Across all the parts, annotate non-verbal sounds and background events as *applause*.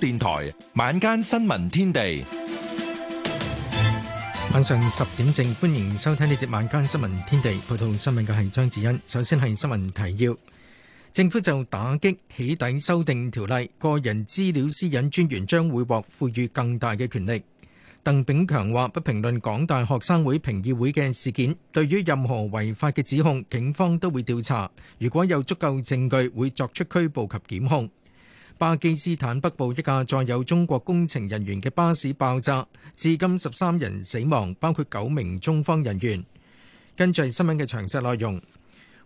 電台晚間新聞天地，晚上十點正，歡迎收聽呢節晚間新聞天地。報道新聞嘅係張子欣。首先係新聞提要：政府就打擊起底修訂條例，個人資料私隱專員將會獲賦予更大嘅權力。鄧炳強話：不評論港大學生會評議會嘅事件。對於任何違法嘅指控，警方都會調查。如果有足夠證據，會作出拘捕及檢控。巴基斯坦北部一架載有中國工程人員嘅巴士爆炸，至今十三人死亡，包括九名中方人員。跟住係新聞嘅詳細內容。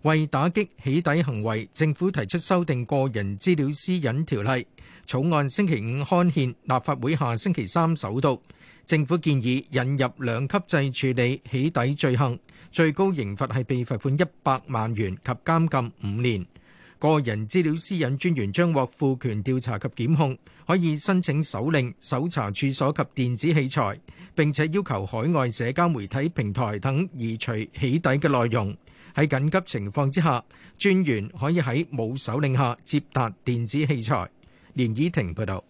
為打擊起底行為，政府提出修訂個人資料私隱條例草案，星期五刊憲，立法會下星期三首讀。政府建議引入兩級制處理起底罪行，最高刑罰係被罰款一百萬元及監禁五年。個人資料私隱專員將獲賦權調查及檢控，可以申請手令、搜查處所及電子器材，並且要求海外社交媒體平台等移除起底嘅內容。喺緊急情況之下，專員可以喺冇手令下接達電子器材。連依婷報導，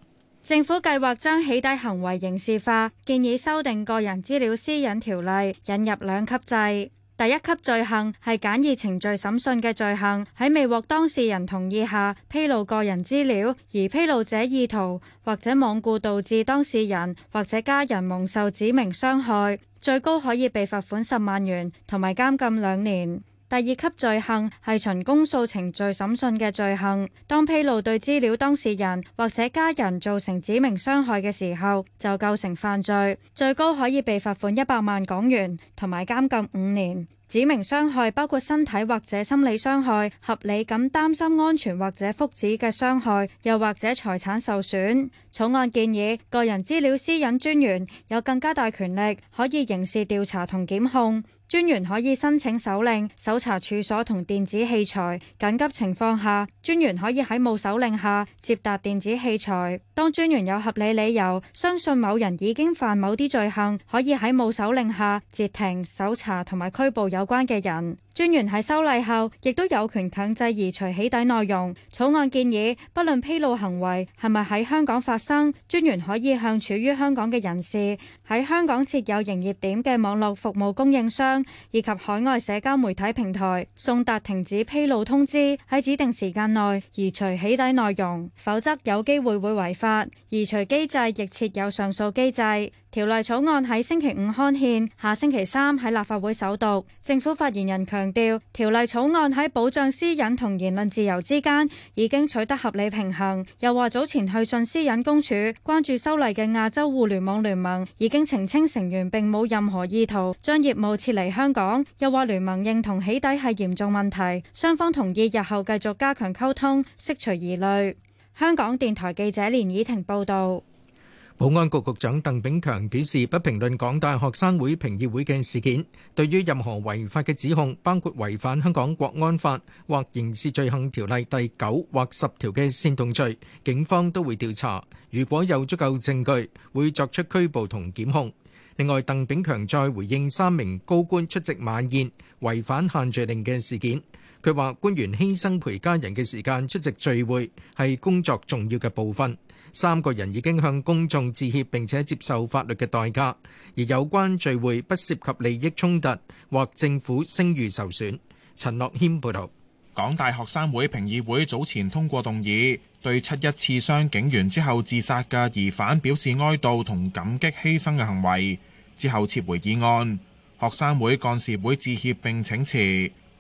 政府計劃將起底行為刑事化，建議修訂個人資料私隱條例，引入兩級制。第一級罪行係簡易程序審訊嘅罪行，喺未獲當事人同意下披露個人資料，而披露者意圖，或者罔顧導致當事人或者家人蒙受指明傷害，最高可以被罰款十萬元，同埋監禁兩年。第二級罪行係循公訴程序審訊嘅罪行，當披露對資料當事人或者家人造成指明傷害嘅時候，就構成犯罪，最高可以被罰款一百萬港元同埋監禁五年。指明傷害包括身體或者心理傷害、合理噉擔心安全或者福祉嘅傷害，又或者財產受損。草案建議個人資料私隱專員有更加大權力，可以刑事調查同檢控。專員可以申請手令搜查處所同電子器材，緊急情況下，專員可以喺冇手令下接達電子器材。當專員有合理理由相信某人已經犯某啲罪行，可以喺冇手令下截停、搜查同埋拘捕有關嘅人。專員喺修例後亦都有權強制移除起底內容。草案建議，不論披露行為係咪喺香港發生，專員可以向處於香港嘅人士、喺香港設有營業點嘅網絡服務供應商。以及海外社交媒體平台送達停止披露通知，喺指定時間內移除起底內容，否則有機會會違法。移除機制亦設有上訴機制。條例草案喺星期五刊憲，下星期三喺立法會首讀。政府發言人強調，條例草案喺保障私隱同言論自由之間已經取得合理平衡。又話早前去信私隱公署，關注修例嘅亞洲互聯網聯盟已經澄清成員並冇任何意圖將業務撤離香港。又話聯盟認同起底係嚴重問題，雙方同意日後繼續加強溝通，釋除疑慮。香港電台記者連以婷報道。保安局局長鄧炳強表示，不評論港大學生會評議會嘅事件。對於任何違法嘅指控，包括違反香港國安法或刑事罪行條例第九或十條嘅煽動罪，警方都會調查。如果有足夠證據，會作出拘捕同檢控。另外，鄧炳強再回應三名高官出席晚宴違反限聚令嘅事件，佢話官員犧牲陪家人嘅時間出席聚會係工作重要嘅部分。三個人已經向公眾致歉，並且接受法律嘅代價。而有關聚會不涉及利益衝突，或政府聲譽受損。陳樂謙報導，港大學生會評議會早前通過動議，對七一刺傷警員之後自殺嘅疑犯表示哀悼同感激犧牲嘅行為，之後撤回議案。學生會幹事會致歉並請辭。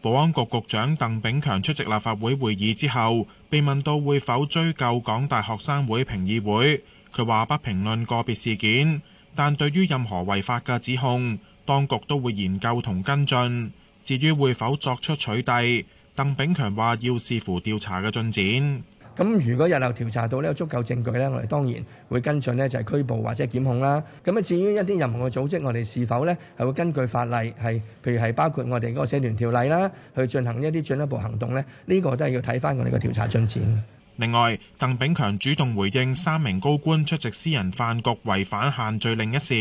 保安局局長鄧炳強出席立法會會議之後，被問到會否追究港大學生會評議會，佢話不評論個別事件，但對於任何違法嘅指控，當局都會研究同跟進。至於會否作出取締，鄧炳強話要視乎調查嘅進展。咁如果日後調查到呢有足夠證據呢，我哋當然會跟進呢，就係拘捕或者檢控啦。咁啊，至於一啲任何嘅組織，我哋是否呢係會根據法例係，譬如係包括我哋嗰個社團條例啦，去進行一啲進一步行動呢？呢個都係要睇翻我哋個調查進展。另外，鄧炳強主動回應三名高官出席私人飯局違反限聚令一事，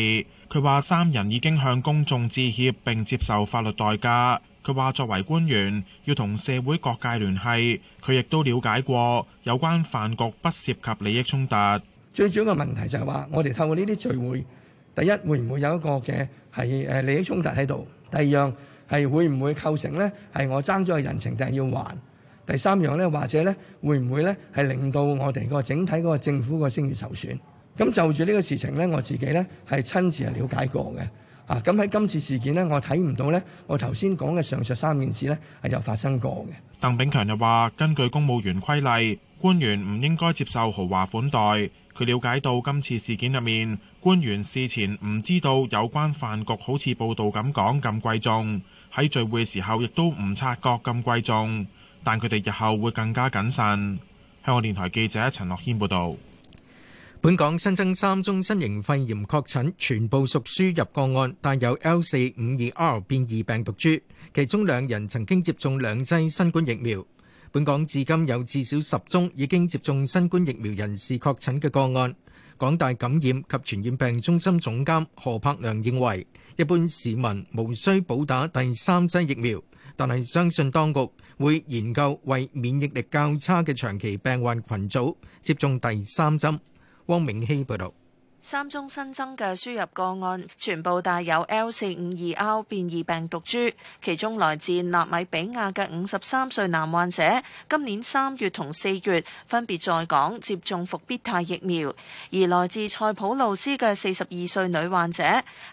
佢話三人已經向公眾致歉並接受法律代價。佢話：作為官員，要同社會各界聯繫，佢亦都了解過有關飯局不涉及利益衝突。最主要嘅問題就係話，我哋透過呢啲聚會，第一會唔會有一個嘅係誒利益衝突喺度？第二樣係會唔會構成呢？係我爭咗個人情定要還？第三樣呢，或者呢，會唔會呢？係令到我哋個整體個政府個聲譽受損？咁就住呢個事情呢，我自己呢係親自係了解過嘅。啊！咁喺今次事件呢，我睇唔到呢。我頭先講嘅上述三件事呢，係有發生過嘅。鄧炳強又話：根據公務員規例，官員唔應該接受豪華款待。佢了解到今次事件入面，官員事前唔知道有關飯局好似報道咁講咁貴重，喺聚會時候亦都唔察覺咁貴重。但佢哋日後會更加謹慎。香港電台記者陳樂軒報道。本港新增三宗新型肺炎確診，全部屬輸入個案，帶有 L 四五二 R 變異病毒株。其中兩人曾經接種兩劑新冠疫苗。本港至今有至少十宗已經接種新冠疫苗人士確診嘅個案。港大感染及傳染病中心總監何柏良認為，一般市民無需補打第三劑疫苗，但係相信當局會研究為免疫力較差嘅長期病患群組接種第三針。汪明希報道。三宗新增嘅輸入個案，全部帶有 L 四五二 R 變異病毒株。其中來自納米比亞嘅五十三歲男患者，今年三月同四月分別在港接種復必泰疫苗，而來自塞浦路斯嘅四十二歲女患者，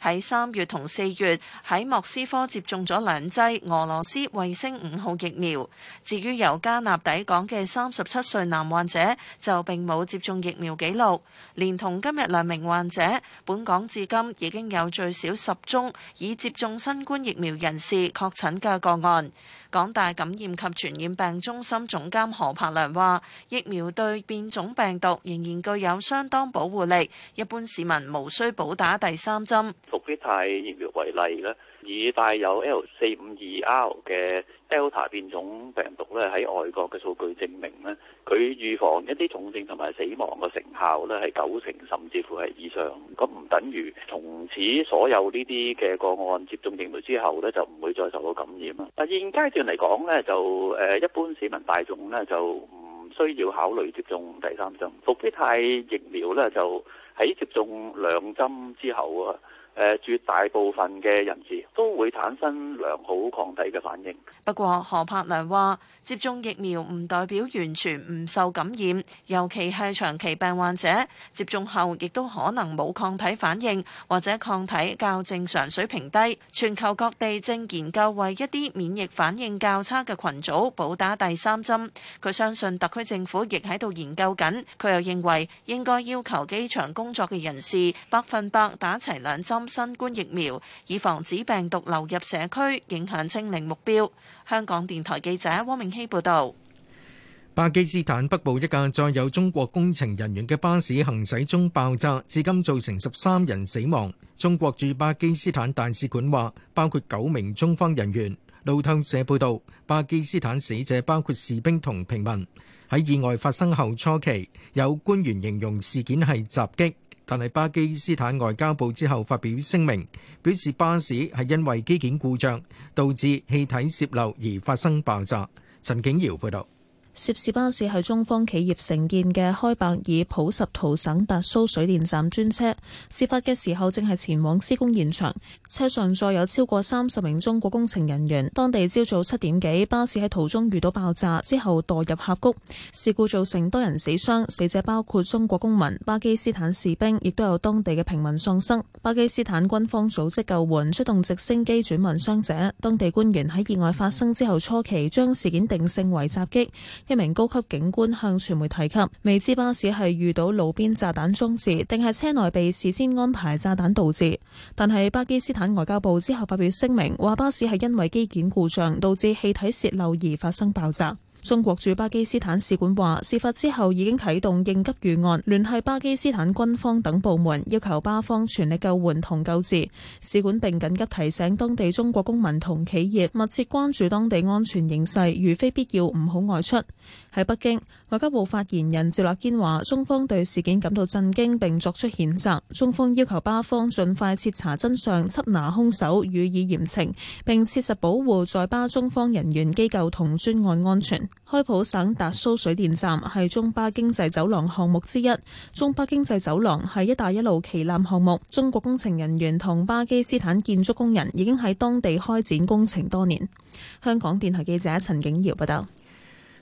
喺三月同四月喺莫斯科接種咗兩劑俄羅斯衛星五號疫苗。至於由加納抵港嘅三十七歲男患者，就並冇接種疫苗記錄，連同今日兩名患者，本港至今已經有最少十宗已接種新冠疫苗人士確診嘅個案。港大感染及傳染病中心總監何柏良話，疫苗對變種病毒仍然具有相當保護力，一般市民無需補打第三針。復必泰疫苗為例咧，以帶有 L 四五二 R 嘅 Delta 變種病毒咧，喺外國嘅數據證明咧，佢預防一啲重症同埋死亡嘅成效咧係九成，甚至乎係以上。咁唔等於從此所有呢啲嘅個案接種疫苗之後咧，就唔會再受到感染啦。啊，現階段嚟講咧，就誒一般市民大眾咧，就唔需要考慮接種第三針復必泰疫苗咧，就喺接種兩針之後啊。誒絕大部分嘅人士都會產生良好抗體嘅反應。不過，何柏良話，接種疫苗唔代表完全唔受感染，尤其係長期病患者，接種後亦都可能冇抗體反應，或者抗體較正常水平低。全球各地正研究為一啲免疫反應較差嘅群組補打第三針。佢相信特區政府亦喺度研究緊，佢又認為應該要求機場工作嘅人士百分百打齊兩針。新冠疫苗以防止病毒流入社區，影響清零目標。香港電台記者汪明熙報道。巴基斯坦北部一架載有中國工程人員嘅巴士行駛中爆炸，至今造成十三人死亡。中國駐巴基斯坦大使館話，包括九名中方人員。路透社報道，巴基斯坦死者包括士兵同平民。喺意外發生後初期，有官員形容事件係襲擊。但係巴基斯坦外交部之後發表聲明，表示巴士係因為機件故障導致氣體洩漏而發生爆炸。陳景瑤報道。涉事巴士係中方企業承建嘅開伯爾普什圖省達蘇水電站專車，事發嘅時候正係前往施工現場，車上載有超過三十名中國工程人員。當地朝早七點幾，巴士喺途中遇到爆炸，之後墮入峽谷，事故造成多人死傷，死者包括中國公民、巴基斯坦士兵，亦都有當地嘅平民喪生。巴基斯坦軍方組織救援，出動直升機轉運傷者。當地官員喺意外發生之後初期將事件定性為襲擊。一名高級警官向傳媒提及，未知巴士係遇到路邊炸彈裝置，定係車內被事先安排炸彈導致。但係巴基斯坦外交部之後發表聲明，話巴士係因為機件故障導致氣體洩漏而發生爆炸。中國駐巴基斯坦使館話，事發之後已經啟動應急預案，聯繫巴基斯坦軍方等部門，要求巴方全力救援同救治。使館並緊急提醒當地中國公民同企業，密切關注當地安全形勢，如非必要唔好外出。喺北京。外交部發言人趙立堅話：中方對事件感到震驚並作出譴責，中方要求巴方盡快徹查真相、緝拿兇手、予以嚴懲，並切實保護在巴中方人員、機構同專案安全。開普省達蘇水電站係中巴經濟走廊項目之一，中巴經濟走廊係「一帶一路」旗艦項目，中國工程人員同巴基斯坦建築工人已經喺當地開展工程多年。香港電台記者陳景堯報道。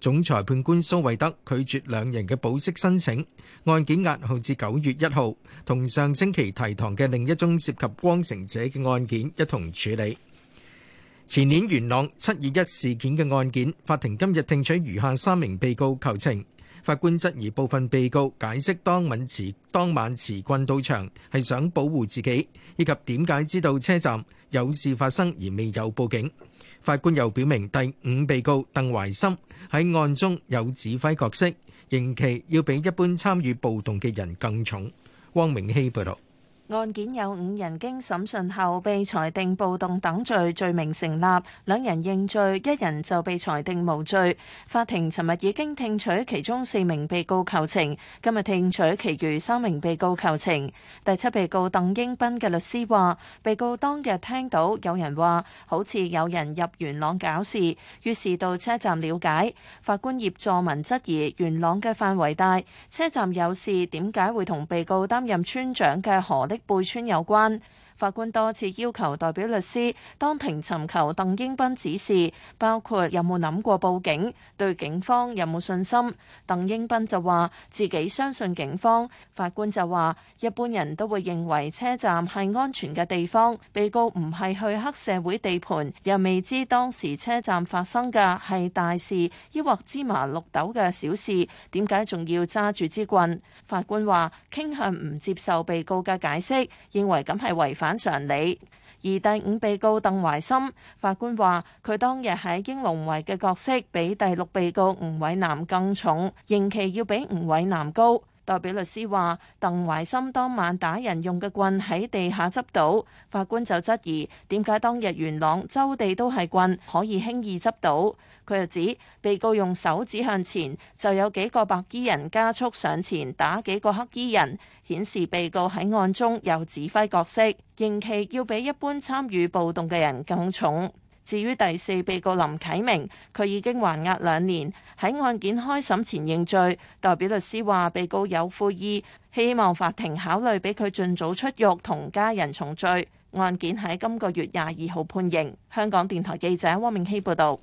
總裁判官蘇惠德拒絕兩人嘅保釋申請，案件押後至九月一號，同上星期提堂嘅另一宗涉及光城者嘅案件一同處理。前年元朗七二一事件嘅案件，法庭今日聽取餘下三名被告求情。法官質疑部分被告解釋當晚持當晚持棍到場係想保護自己，以及點解知道車站有事發生而未有報警。法官又表明，第五被告鄧懷森喺案中有指揮角色，刑期要比一般參與暴動嘅人更重。汪明希報道。案件有五人經審訊後被裁定暴動等罪，罪名成立，兩人認罪，一人就被裁定無罪。法庭尋日已經聽取其中四名被告求情，今日聽取其餘三名被告求情。第七被告鄧英斌嘅律師話：被告當日聽到有人話好似有人入元朗搞事，於是到車站了解。法官葉佐文質疑元朗嘅範圍大，車站有事點解會同被告擔任村長嘅何力貝村有關。法官多次要求代表律師當庭尋求鄧英斌指示，包括有冇諗過報警，對警方有冇信心。鄧英斌就話自己相信警方。法官就話一般人都會認為車站係安全嘅地方，被告唔係去黑社會地盤，又未知當時車站發生嘅係大事，抑或芝麻綠豆嘅小事，點解仲要揸住支棍？法官話傾向唔接受被告嘅解釋，認為咁係違法。反常理，而第五被告鄧懷森，法官話佢當日喺英龍圍嘅角色比第六被告吳偉南更重，刑期要比吳偉南高。代表律師話，鄧懷森當晚打人用嘅棍喺地下執到，法官就質疑點解當日元朗周地都係棍可以輕易執到。佢又指，被告用手指向前，就有幾個白衣人加速上前打幾個黑衣人，顯示被告喺案中有指揮角色，刑期要比一般參與暴動嘅人更重。至於第四被告林啟明，佢已經還押兩年喺案件開審前認罪。代表律師話，被告有悔意，希望法庭考慮俾佢盡早出獄同家人重聚。案件喺今個月廿二號判刑。香港電台記者汪明希報道。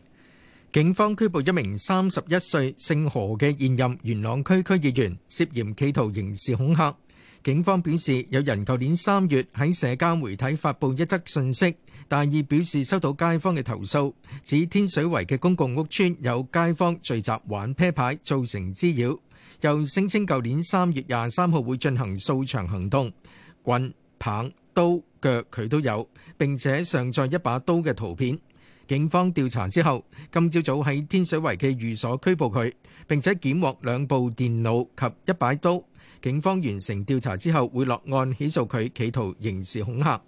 警方拘捕一名三十一歲姓何嘅現任元朗區區議員，涉嫌企圖刑事恐嚇。警方表示，有人舊年三月喺社交媒體發布一則訊息，大意表示收到街坊嘅投訴，指天水圍嘅公共屋邨有街坊聚集玩啤牌，造成滋擾，又聲稱舊年三月廿三號會進行掃場行動，棍、棒、刀、腳佢都有，並且上載一把刀嘅圖片。警方調查之後，今朝早喺天水圍嘅寓所拘捕佢，並且檢獲兩部電腦及一把刀。警方完成調查之後，會落案起訴佢，企圖刑事恐嚇。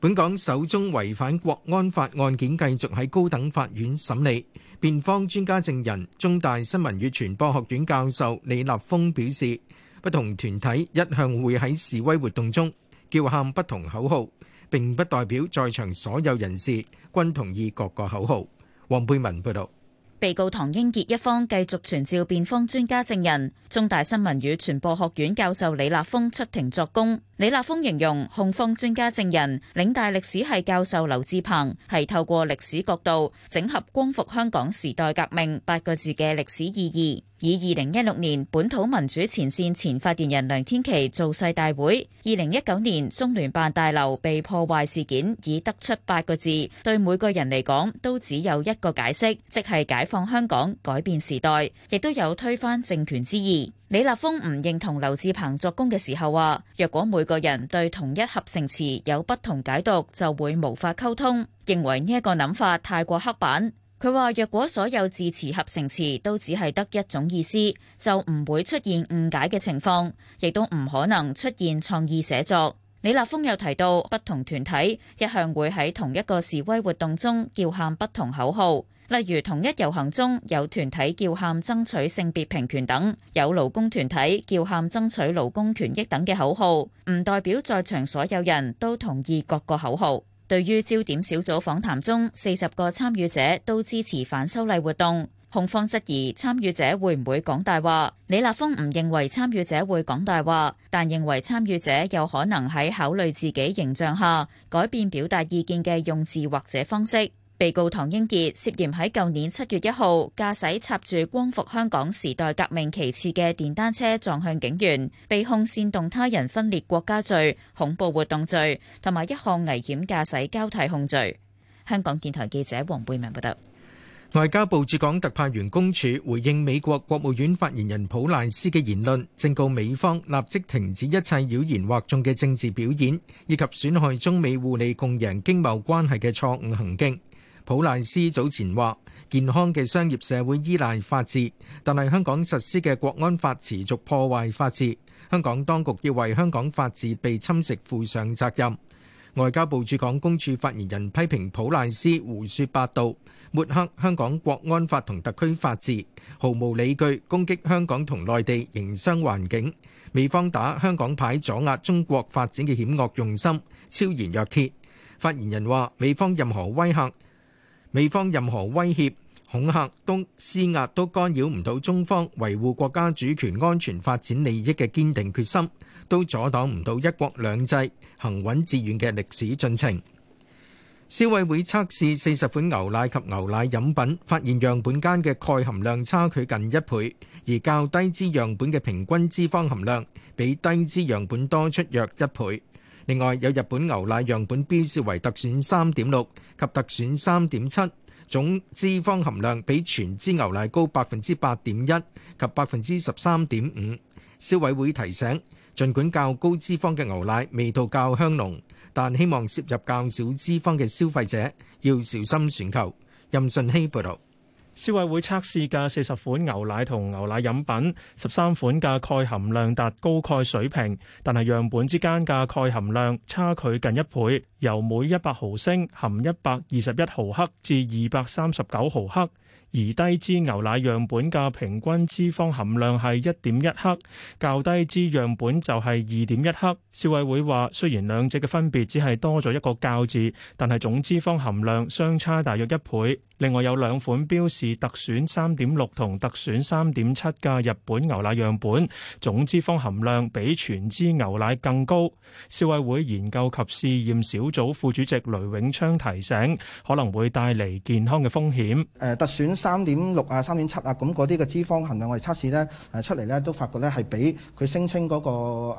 本港首宗違反國安法案件繼續喺高等法院審理。辯方專家證人、中大新聞與傳播學院教授李立峯表示，不同團體一向會喺示威活動中叫喊不同口號。並不代表在場所有人士均同意各個口號。黃貝文報導，被告唐英傑一方繼續傳召辯方專家證人，中大新聞與傳播學院教授李立峯出庭作供。李立峰形容,控方專家證人,嶺大歷史系教授劉志鵬,係透過歷史角度,整合光復香港時代革命八個字嘅歷史意義,以2016年本土民主前線前發言人梁天琦造勢大會 ,2019 年中聯辦大樓被破壞事件已得出八個字,對每個人嚟講都只有一個解釋,即係解放香港改變時代,亦都有推翻政權之意。李立峰唔認同劉志鵬作供嘅時候話：若果每個人對同一合成詞有不同解讀，就會無法溝通。認為呢一個諗法太過刻板。佢話：若果所有字詞合成詞都只係得一種意思，就唔會出現誤解嘅情況，亦都唔可能出現創意寫作。李立峰又提到，不同團體一向會喺同一個示威活動中叫喊不同口號。例如同一遊行中有團體叫喊爭，爭取性別平權等，有勞工團體叫喊爭，爭取勞工權益等嘅口號，唔代表在場所有人都同意各個口號。對於焦點小組訪談中四十個參與者都支持反修例活動，控方質疑參與者會唔會講大話。李立峯唔認為參與者會講大話，但認為參與者有可能喺考慮自己形象下改變表達意見嘅用字或者方式。被告唐英傑涉嫌喺舊年七月一號駕駛插住光復香港時代革命旗幟嘅電單車撞向警員，被控煽動他人分裂國家罪、恐怖活動罪同埋一項危險駕駛交替控罪。香港電台記者黃貝文報道。外交部駐港特派員公署回應美國國務院發言人普賴斯嘅言論，正告美方立即停止一切妖言惑眾嘅政治表演，以及損害中美互利共贏經貿關係嘅錯誤行徑。普賴斯早前話：健康嘅商業社會依賴法治，但係香港實施嘅國安法持續破壞法治。香港當局要為香港法治被侵蝕負上責任。外交部駐港公署發言人批評普賴斯胡説八道，抹黑香港國安法同特區法治，毫無理據攻擊香港同內地營商環境。美方打香港牌，阻壓中國發展嘅險惡用心，昭然若揭。發言人話：美方任何威嚇。美方任何威脅、恐嚇，都施壓，都干擾唔到中方維護國家主權、安全發展利益嘅堅定決心，都阻擋唔到一國兩制行穩致遠嘅歷史進程。消委會測試四十款牛奶及牛奶飲品，發現樣本間嘅鈣含量差距近一倍，而較低脂樣本嘅平均脂肪含量比低脂樣本多出約一倍。另外有日本牛奶樣本標示為特選3.6及特選3.7，總脂肪含量比全脂牛奶高百分之八點一及百分之十三點五。消委會提醒，儘管較高脂肪嘅牛奶味道較香濃，但希望攝入較少脂肪嘅消費者要小心選購。任信希報道。消委會測試嘅四十款牛奶同牛奶飲品，十三款嘅鈣含量達高鈣水平，但係樣本之間嘅鈣含量差距近一倍，由每一百毫升含一百二十一毫克至二百三十九毫克。而低脂牛奶樣本嘅平均脂肪含量係一點一克，較低脂樣本就係二點一克。消委會話，雖然兩者嘅分別只係多咗一個較字，但係總脂肪含量相差大約一倍。另外有兩款標示特選3.6同特選3.7嘅日本牛奶樣本，總脂肪含量比全脂牛奶更高。消委會研究及試驗小組副主席雷永昌提醒，可能會帶嚟健康嘅風險。誒，特選3.6啊、3.7啊，咁嗰啲嘅脂肪含量我哋測試呢，誒出嚟呢都發覺呢係比佢聲稱嗰個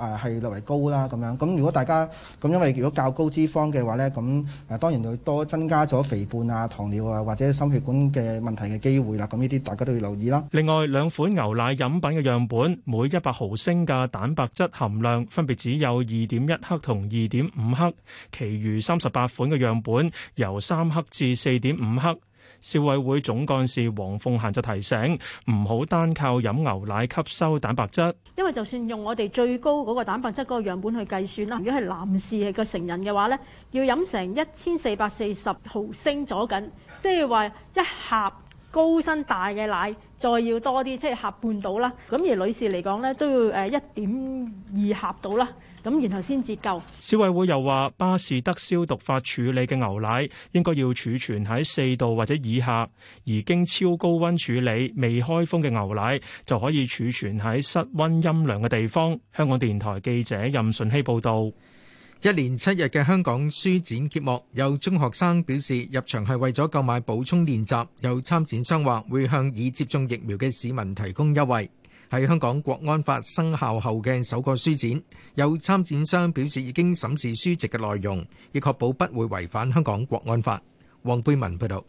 誒係略為高啦咁樣。咁如果大家咁，因為如果較高脂肪嘅話呢，咁誒當然會多增加咗肥胖啊、糖尿啊或者。心血管嘅問題嘅機會啦，咁呢啲大家都要留意啦。另外，兩款牛奶飲品嘅樣本，每一百毫升嘅蛋白質含量分別只有二點一克同二點五克，其餘三十八款嘅樣本由三克至四點五克。消委會總幹事黃鳳嫻就提醒，唔好單靠飲牛奶吸收蛋白質，因為就算用我哋最高嗰個蛋白質嗰個樣本去計算啦。如果係男士係個成人嘅話咧，要飲成一千四百四十毫升咗緊，即係話一盒高身大嘅奶，再要多啲，即係盒半到啦。咁而女士嚟講咧，都要誒一點二盒到啦。咁然後先至夠。消委會又話，巴士德消毒法處理嘅牛奶應該要儲存喺四度或者以下，而經超高溫處理未開封嘅牛奶就可以儲存喺室溫陰涼嘅地方。香港電台記者任順希報道：「一連七日嘅香港書展揭幕，有中學生表示入場係為咗購買補充練習，有參展商話會向已接種疫苗嘅市民提供優惠。喺香港國安法生效後嘅首個書展，有參展商表示已經審視書籍嘅內容，以確保不會違反香港國安法。黃貝文報道。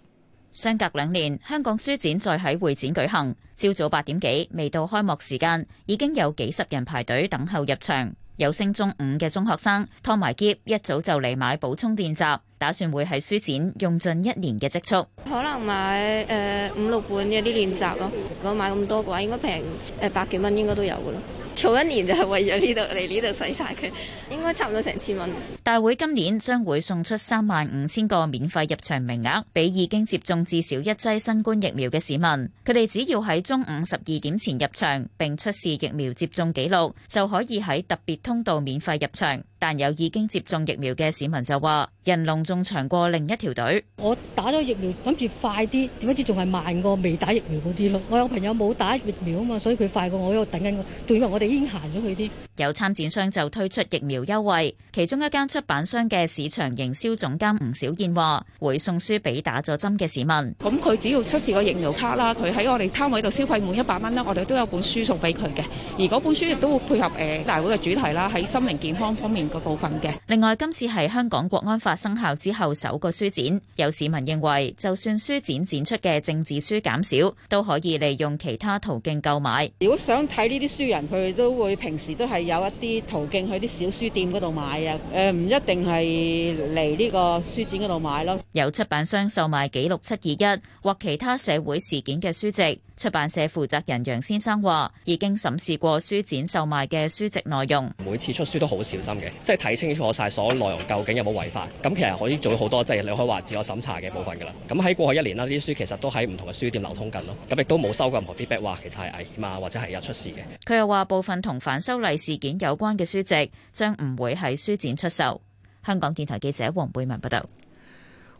相隔兩年，香港書展再喺會展舉行。朝早八點幾，未到開幕時間，已經有幾十人排隊等候入場。有升中五嘅中學生拖埋喼，一早就嚟買補充練習，打算會喺書展用盡一年嘅積蓄。可能買誒、呃、五六本嘅啲練習咯，如果買咁多嘅話，應該平誒百幾蚊應該都有嘅咯。早一年就係為咗呢度嚟呢度使晒佢，應該差唔多成千蚊。大會今年將會送出三萬五千個免費入場名額，俾已經接種至少一劑新冠疫苗嘅市民。佢哋只要喺中午十二點前入場，並出示疫苗接種紀錄，就可以喺特別通道免費入場。但有已經接種疫苗嘅市民就話：人龍仲長過另一條隊。我打咗疫苗，諗住快啲，點解仲係慢過未打疫苗嗰啲咯。我有朋友冇打疫苗啊嘛，所以佢快過我喺度等緊我，仲以為我哋已經行咗佢啲。有參展商就推出疫苗優惠，其中一間出版商嘅市場營銷總監吳小燕話：會送書俾打咗針嘅市民。咁佢只要出示個疫苗卡啦，佢喺我哋攤位度消費滿一百蚊啦，我哋都有本書送俾佢嘅。而嗰本書亦都會配合誒大會嘅主題啦，喺心靈健康方面。個另外，今次係香港國安法生效之後首個書展，有市民認為，就算書展展出嘅政治書減少，都可以利用其他途徑購買。如果想睇呢啲書人，佢都會平時都係有一啲途徑去啲小書店嗰度買啊。誒，唔一定係嚟呢個書展嗰度買咯。有出版商售賣《紀錄七二一》或其他社會事件嘅書籍。出版社負責人楊先生話，已經審視過書展售賣嘅書籍內容，每次出書都好小心嘅，即係睇清楚晒所有內容究竟有冇違法，咁其實可以做到好多，即係你可以話自我審查嘅部分噶啦。咁喺過去一年啦，呢啲書其實都喺唔同嘅書店流通緊咯，咁亦都冇收過任何 feedback 話其實係危險啊，或者係有出事嘅。佢又話部分同反修例事件有關嘅書籍，將唔會喺書展出售。香港電台記者黃貝文報道。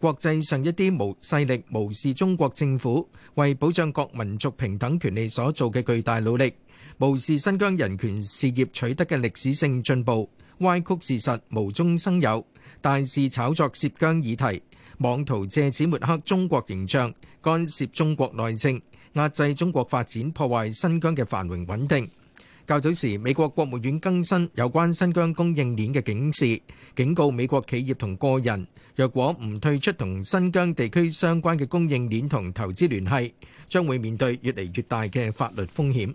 國際上一啲無勢力無視中國政府為保障各民族平等權利所做嘅巨大努力，無視新疆人權事業取得嘅歷史性進步，歪曲事實，無中生有，大肆炒作涉疆議題，妄圖借此抹黑中國形象，干涉中國內政，壓制中國發展，破壞新疆嘅繁榮穩定。較早時，美國國務院更新有關新疆供應鏈嘅警示，警告美國企業同個人，若果唔退出同新疆地區相關嘅供應鏈同投資聯繫，將會面對越嚟越大嘅法律風險。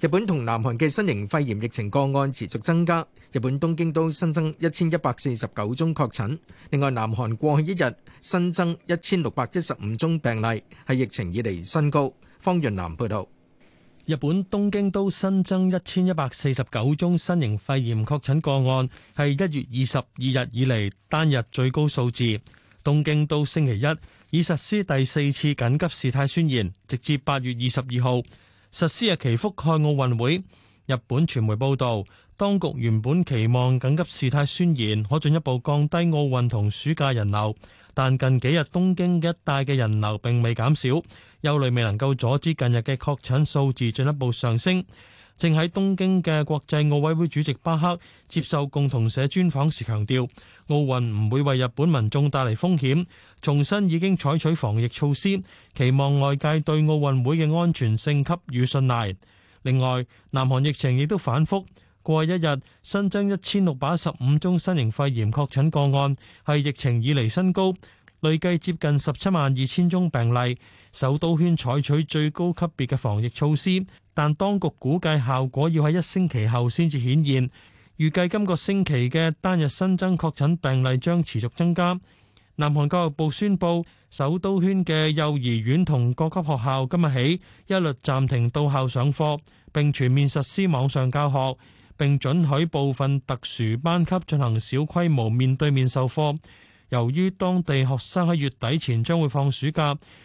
日本同南韓嘅新型肺炎疫情個案持續增加，日本東京都新增一千一百四十九宗確診，另外南韓過去一日新增一千六百一十五宗病例，係疫情以嚟新高。方潤南報導。日本東京都新增一千一百四十九宗新型肺炎確診個案，係一月二十二日以嚟單日最高數字。東京都星期一已實施第四次緊急事態宣言，直至八月二十二號，實施日期覆蓋奧運會。日本傳媒報導，當局原本期望緊急事態宣言可進一步降低奧運同暑假人流，但近幾日東京一帶嘅人流並未減少。憂慮未能夠阻止近日嘅確診數字進一步上升。正喺東京嘅國際奧委會主席巴克接受共同社專訪時強調，奧運唔會為日本民眾帶嚟風險。重申已經採取防疫措施，期望外界對奧運會嘅安全性給予信賴。另外，南韓疫情亦都反覆，過一日新增一千六百一十五宗新型肺炎確診個案，係疫情以嚟新高，累計接近十七萬二千宗病例。首都圈採取最高級別嘅防疫措施，但當局估計效果要喺一星期後先至顯現。預計今個星期嘅單日新增確診病例將持續增加。南韓教育部宣布，首都圈嘅幼兒園同各級學校今日起一律暫停到校上課，並全面實施網上教學，並准許部分特殊班級進行小規模面對面授課。由於當地學生喺月底前將會放暑假。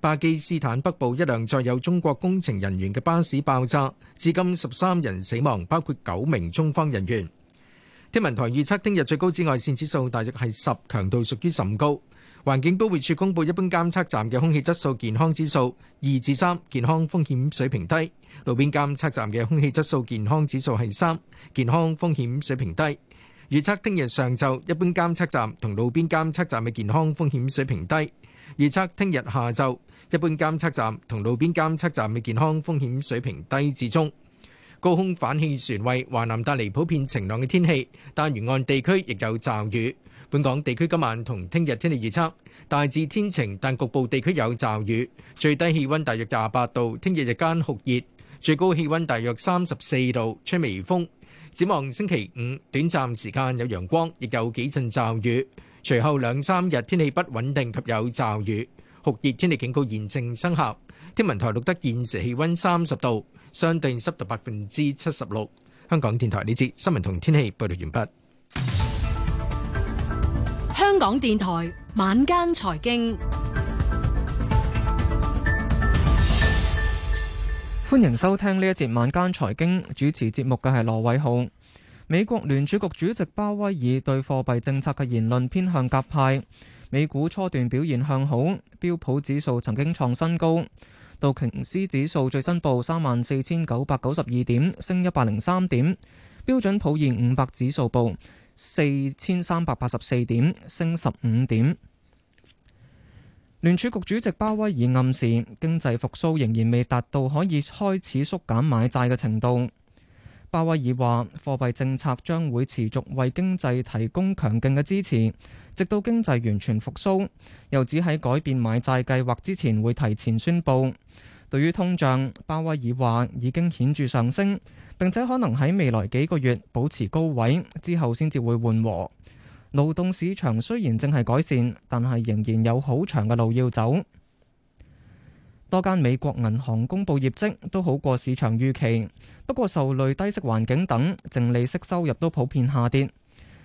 巴基斯坦北部一輛載有中國工程人員嘅巴士爆炸，至今十三人死亡，包括九名中方人員。天文台預測聽日最高紫外綫指數大約係十，強度屬於甚高。環境保護署公布一般監測站嘅空氣質素健康指數二至三，3，健康風險水平低；路邊監測站嘅空氣質素健康指數係三，健康風險水平低。預測聽日上晝一般監測站同路邊監測站嘅健康風險水平低。預測聽日下晝。一般監測站同路邊監測站嘅健康風險水平低至中。高空反氣旋為華南帶嚟普遍晴朗嘅天氣，但沿岸地區亦有驟雨。本港地區今晚同聽日天氣預測大致天晴，但局部地區有驟雨。最低氣溫大約廿八度，聽日日間酷熱，最高氣溫大約三十四度，吹微風。展望星期五，短暫時間有陽光，亦有幾陣驟雨，隨後兩三日天氣不穩定及有驟雨。酷熱天氣警告現正生效。天文台錄得現時氣溫三十度，相對濕度百分之七十六。香港電台呢節新聞同天氣報道完畢。香港電台晚間財經，歡迎收聽呢一節晚間財經。主持節目嘅係羅偉浩。美國聯儲局主席鮑威爾對貨幣政策嘅言論偏向鴿派。美股初段表現向好，標普指數曾經創新高，道瓊斯指數最新報三萬四千九百九十二點，升一百零三點；標準普爾五百指數報四千三百八十四點，升十五點。聯儲局主席鮑威爾暗示，經濟復甦仍然未達到可以開始縮減買債嘅程度。鮑威爾話，貨幣政策將會持續為經濟提供強勁嘅支持，直到經濟完全復甦。又指喺改變買債計劃之前會提前宣布。對於通脹，鮑威爾話已經顯著上升，並且可能喺未來幾個月保持高位之後，先至會緩和。勞動市場雖然正係改善，但係仍然有好長嘅路要走。多間美國銀行公布業績都好過市場預期，不過受累低息環境等，淨利息收入都普遍下跌。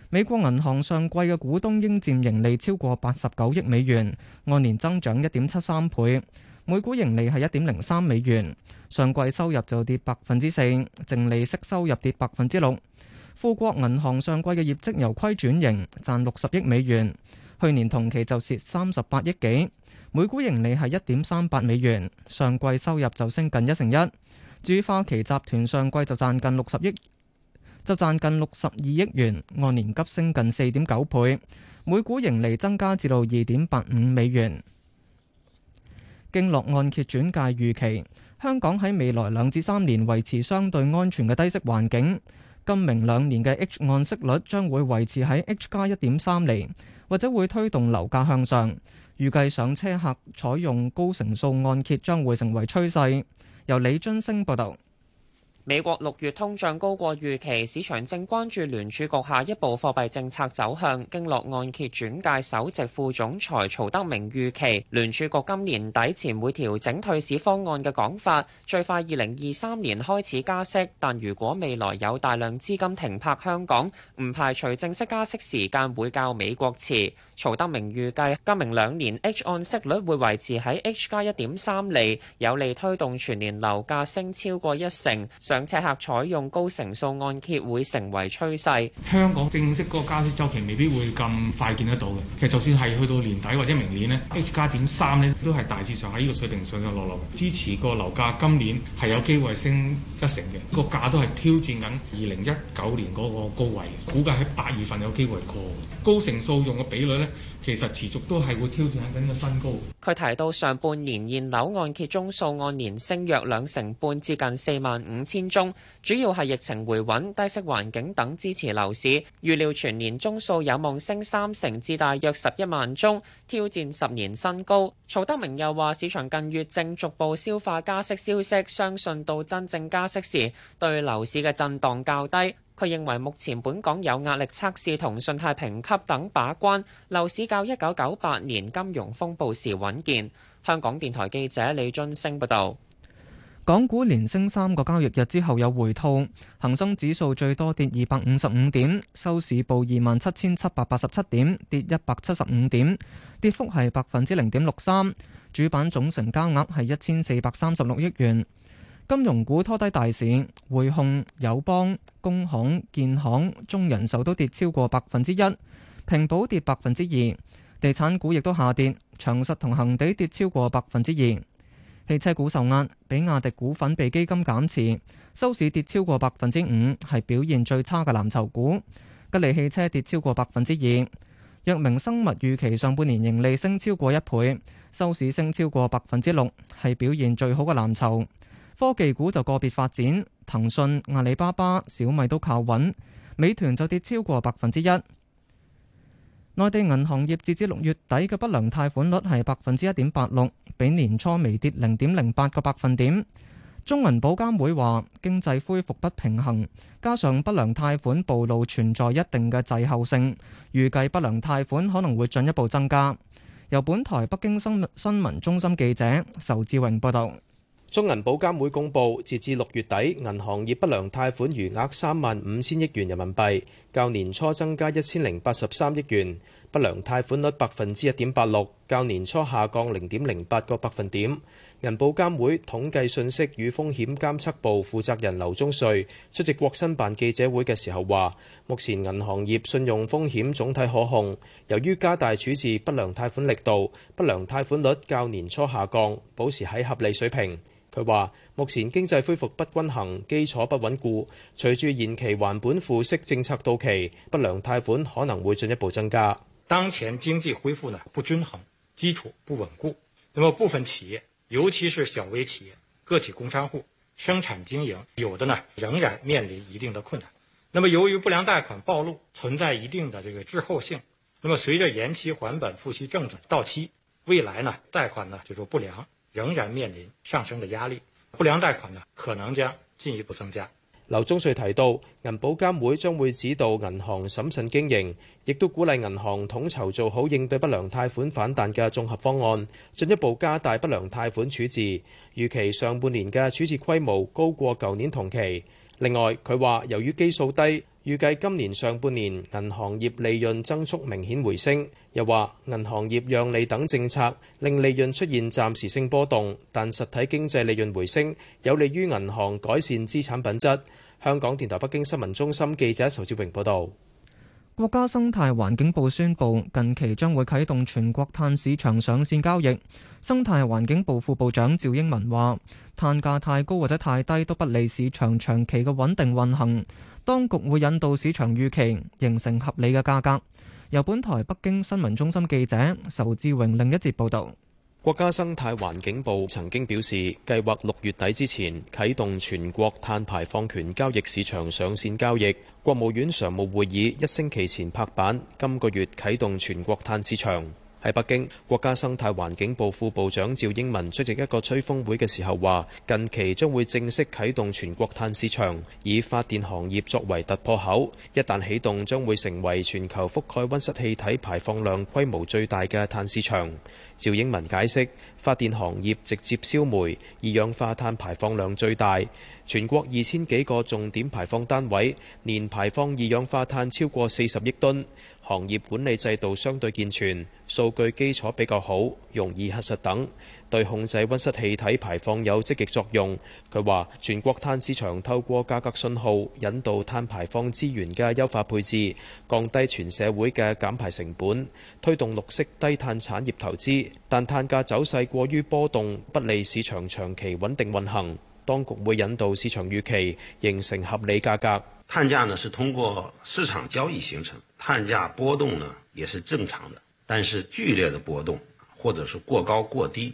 美國銀行上季嘅股東應佔盈利超過八十九億美元，按年增長一點七三倍，每股盈利係一點零三美元。上季收入就跌百分之四，淨利息收入跌百分之六。富國銀行上季嘅業績由虧轉盈，賺六十億美元。去年同期就蝕三十八億幾，每股盈利係一點三八美元。上季收入就升近一成一。至於花旗集團上季就賺近六十億，就賺近六十二億元，按年急升近四點九倍，每股盈利增加至到二點八五美元。經絡按揭轉介預期，香港喺未來兩至三年維持相對安全嘅低息環境。今明兩年嘅 H 按息率將會維持喺 H 加一點三厘，或者會推動樓價向上。預計上車客採用高成數按揭將會成為趨勢。由李津升報道。美國六月通脹高過預期，市場正關注聯儲局下一步貨幣政策走向。經絡按揭轉介首席副總裁曹德明預期，聯儲局今年底前會調整退市方案嘅講法，最快二零二三年開始加息。但如果未來有大量資金停泊香港，唔排除正式加息時間會較美國遲。曹德明預計今明兩年 H 按息率會維持喺 H 加一點三厘，有利推動全年樓價升超過一成。上車客採用高成數按揭會成為趨勢。香港正式嗰個加息週期未必會咁快見得到嘅。其實就算係去到年底或者明年呢，H 加點三呢都係大致上喺呢個水平上上落落，支持個樓價今年係有機會升一成嘅。這個價都係挑戰緊二零一九年嗰個高位，估計喺八月份有機會係過。高成數用嘅比率呢，其實持續都係會挑戰喺緊個新高。佢提到上半年現樓按揭宗數按年升約兩成半，至近四萬五千宗，主要係疫情回穩、低息環境等支持樓市。預料全年宗數有望升三成至大約十一萬宗，挑戰十年新高。曹德明又話：市場近月正逐步消化加息消息，相信到真正加息時，對樓市嘅震盪較低。佢認為目前本港有壓力測試同信貸評級等把關，樓市較一九九八年金融風暴時穩健。香港電台記者李津升報導。港股連升三個交易日之後有回吐，恒生指數最多跌二百五十五點，收市報二萬七千七百八十七點，跌一百七十五點，跌幅係百分之零點六三，主板總成交額係一千四百三十六億元。金融股拖低大市，匯控、友邦、工行、建行、中人壽都跌超過百分之一，平保跌百分之二。地產股亦都下跌，長實同恒地跌超過百分之二。汽車股受壓，比亞迪股份被基金減持，收市跌超過百分之五，係表現最差嘅藍籌股。吉利汽車跌超過百分之二。藥明生物預期上半年盈利升超過一倍，收市升超過百分之六，係表現最好嘅藍籌。科技股就個別發展，騰訊、阿里巴巴、小米都靠穩，美團就跌超過百分之一。內地銀行業截至六月底嘅不良貸款率係百分之一點八六，比年初微跌零點零八個百分點，中銀保監會話經濟恢復不平衡，加上不良貸款暴露存在一定嘅滯後性，預計不良貸款可能會進一步增加。由本台北京新新聞中心記者仇志榮報道。中銀保監會公布，截至六月底，銀行業不良貸款餘額三萬五千億元人民幣，較年初增加一千零八十三億元。不良貸款率百分之一點八六，較年初下降零點零八個百分點。銀保監會統計信息與風險監測部負責人劉忠瑞出席國新辦記者會嘅時候話：目前銀行業信用風險總體可控，由於加大處置不良貸款力度，不良貸款率較年初下降，保持喺合理水平。佢話：目前經濟恢復不均衡，基礎不穩固。隨住延期還本付息政策到期，不良貸款可能會進一步增加。當前經濟恢復呢不均衡，基礎不穩固。那麼部分企業，尤其是小微企業、個體工商戶，生產經營有的呢仍然面臨一定的困難。那麼由於不良貸款暴露，存在一定的這個滯後性。那麼隨着延期還本付息政策到期，未來呢貸款呢就做不良。仍然面臨上升的壓力，不良貸款呢可能將進一步增加。劉忠瑞提到，銀保監會將會指導銀行審慎經營，亦都鼓勵銀行統籌做好應對不良貸款反彈嘅綜合方案，進一步加大不良貸款處置，預期上半年嘅處置規模高過舊年同期。另外，佢話由於基數低，預計今年上半年銀行業利潤增速明顯回升。又話銀行業讓利等政策令利潤出現暫時性波動，但實體經濟利潤回升，有利於銀行改善資產品質。香港電台北京新聞中心記者仇志榮報導。國家生態環境部宣布，近期將會啟動全國碳市場上線交易。生態環境部副部長趙英民話：碳價太高或者太低都不利市場長期嘅穩定運行。當局會引導市場預期，形成合理嘅價格。由本台北京新聞中心記者仇志榮另一節報道。國家生態環境部曾經表示，計劃六月底之前啟動全國碳排放權交易市場上線交易。國務院常務會議一星期前拍板，今個月啟動全國碳市場。喺北京，國家生態環境部副部長趙英民出席一個吹風會嘅時候話：近期將會正式啟動全國碳市場，以發電行業作為突破口。一旦啟動，將會成為全球覆蓋溫室氣體排放量規模最大嘅碳市場。趙英民解釋，發電行業直接燒煤，二氧化碳排放量最大。全國二千幾個重點排放單位，年排放二氧化碳超過四十億噸。行業管理制度相對健全，數據基礎比較好，容易核實等。對控制溫室氣體排放有積極作用。佢話：全國碳市場透過價格信號，引導碳排放資源嘅優化配置，降低全社會嘅減排成本，推動綠色低碳產業投資。但碳價走勢過於波動，不利市場長期穩定運行。當局會引導市場預期，形成合理價格。碳價呢，是通過市場交易形成，碳價波動呢，也是正常的。但是，劇烈的波動，或者是過高過低。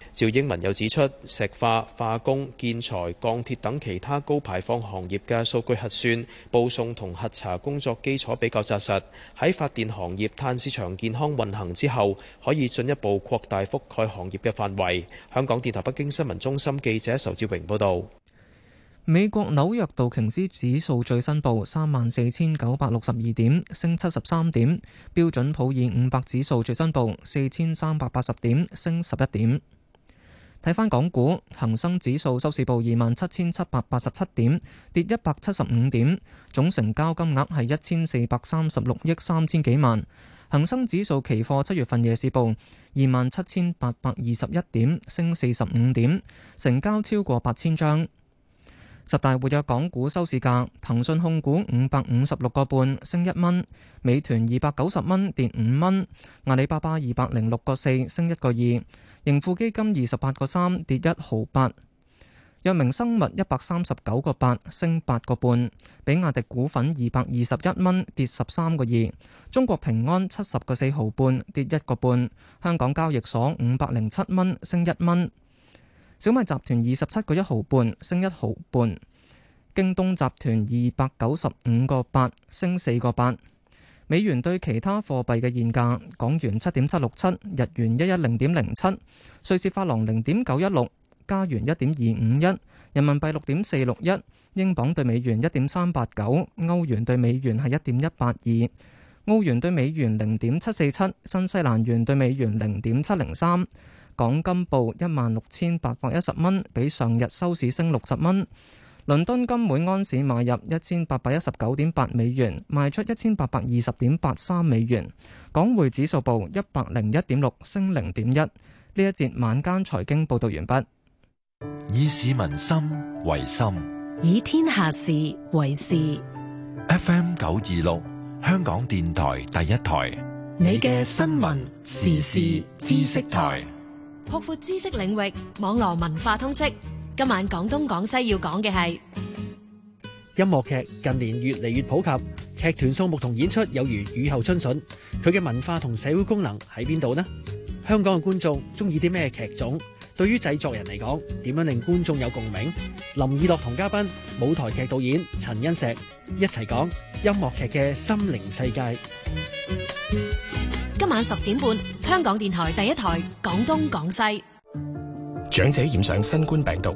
趙英文又指出，石化、化工、建材、鋼鐵等其他高排放行業嘅數據核算、報送同核查工作基礎比較紮實，喺發電行業碳市場健康運行之後可以進一步擴大覆蓋行業嘅範圍。香港電台北京新聞中心記者仇志榮報道。美國紐約道瓊斯指數最新報三萬四千九百六十二點，升七十三點。標準普爾五百指數最新報四千三百八十點，升十一點。睇返港股，恒生指數收市報二萬七千七百八十七點，跌一百七十五點，總成交金額係一千四百三十六億三千幾萬。恒生指數期貨七月份夜市報二萬七千八百二十一點，升四十五點，成交超過八千張。十大活躍港股收市價，騰訊控股五百五十六個半升一蚊，美團二百九十蚊跌五蚊，阿里巴巴二百零六個四升一個二。盈富基金二十八個三跌一毫八，藥明生物一百三十九個八升八個半，比亞迪股份二百二十一蚊跌十三個二，中國平安七十個四毫半跌一個半，香港交易所五百零七蚊升一蚊，小米集團二十七個一毫半升一毫半，京東集團二百九十五個八升四個八。美元對其他貨幣嘅現價：港元七點七六七，日元一一零點零七，瑞士法郎零點九一六，加元一點二五一，人民幣六點四六一，英鎊對美元一點三八九，歐元對美元係一點一八二，澳元對美元零點七四七，新西蘭元對美元零點七零三。港金報一萬六千八百一十蚊，比上日收市升六十蚊。倫敦金每安士買入一千八百一十九點八美元，賣出一千八百二十點八三美元。港匯指數報一百零一點六，升零點一。呢一節晚間財經報道完畢。以市民心為心，以天下事為事。FM 九二六，香港電台第一台，你嘅新聞時事知識台，擴闊知識領域，網絡文化通識。今晚講東講西要講嘅係音樂劇，近年越嚟越普及，劇團數目同演出有如雨後春筍。佢嘅文化同社會功能喺邊度呢？香港嘅觀眾中意啲咩劇種？對於製作人嚟講，點樣令觀眾有共鳴？林義樂同嘉賓舞台劇導演陳恩石一齊講音樂劇嘅心靈世界。今晚十點半，香港電台第一台講東講西。長者染上新冠病毒，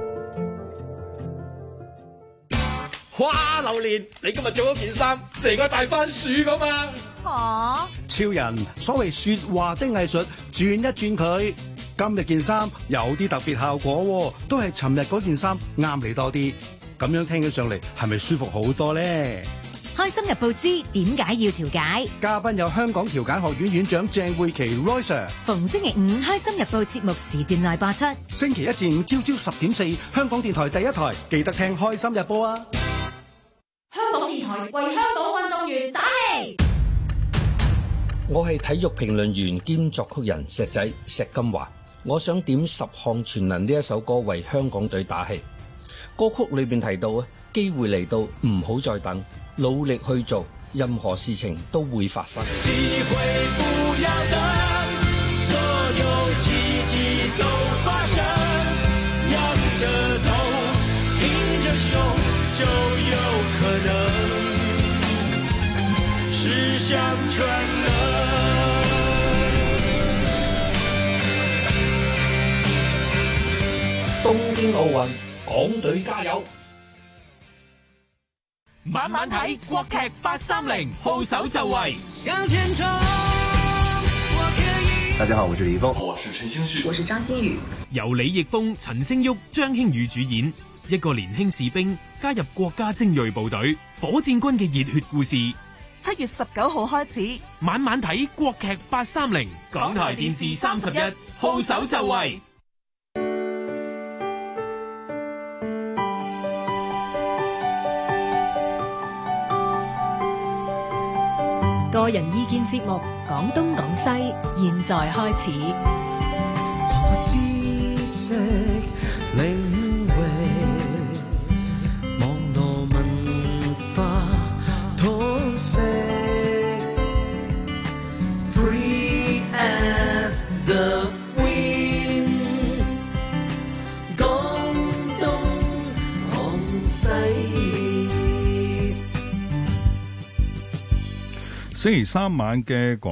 哇！榴蓮，你今日着咗件衫成個大番薯咁啊！哦，超人所謂說話的藝術，轉一轉佢。今日件衫有啲特別效果，都係尋日嗰件衫啱你多啲。咁樣聽起上嚟係咪舒服好多咧？開心日報知點解要調解？嘉賓有香港調解學院院長鄭慧琪 Rosa。逢星期五開心日報節目時段內播出。星期一至五朝朝十點四，香港電台第一台，記得聽開心日報啊！香港電台為香港運動員打氣。我係體育評論員兼作曲人石仔石金華，我想點《十項全能》呢一首歌為香港隊打氣。歌曲裏邊提到啊，機會嚟到唔好再等，努力去做，任何事情都會發生。機會奧運，港隊加油！晚晚睇國劇八三零，號手就位。大家好，我是李易峰，我是陳星旭，我是張馨予。由李易峰、陳星旭、張馨予主演一個年輕士兵加入國家精銳部隊火箭軍嘅熱血故事。七月十九號開始，晚晚睇國劇八三零，港台電視三十一，號手就位。個人意見節目《講東講西》，現在開始。 *music* 星期三晚嘅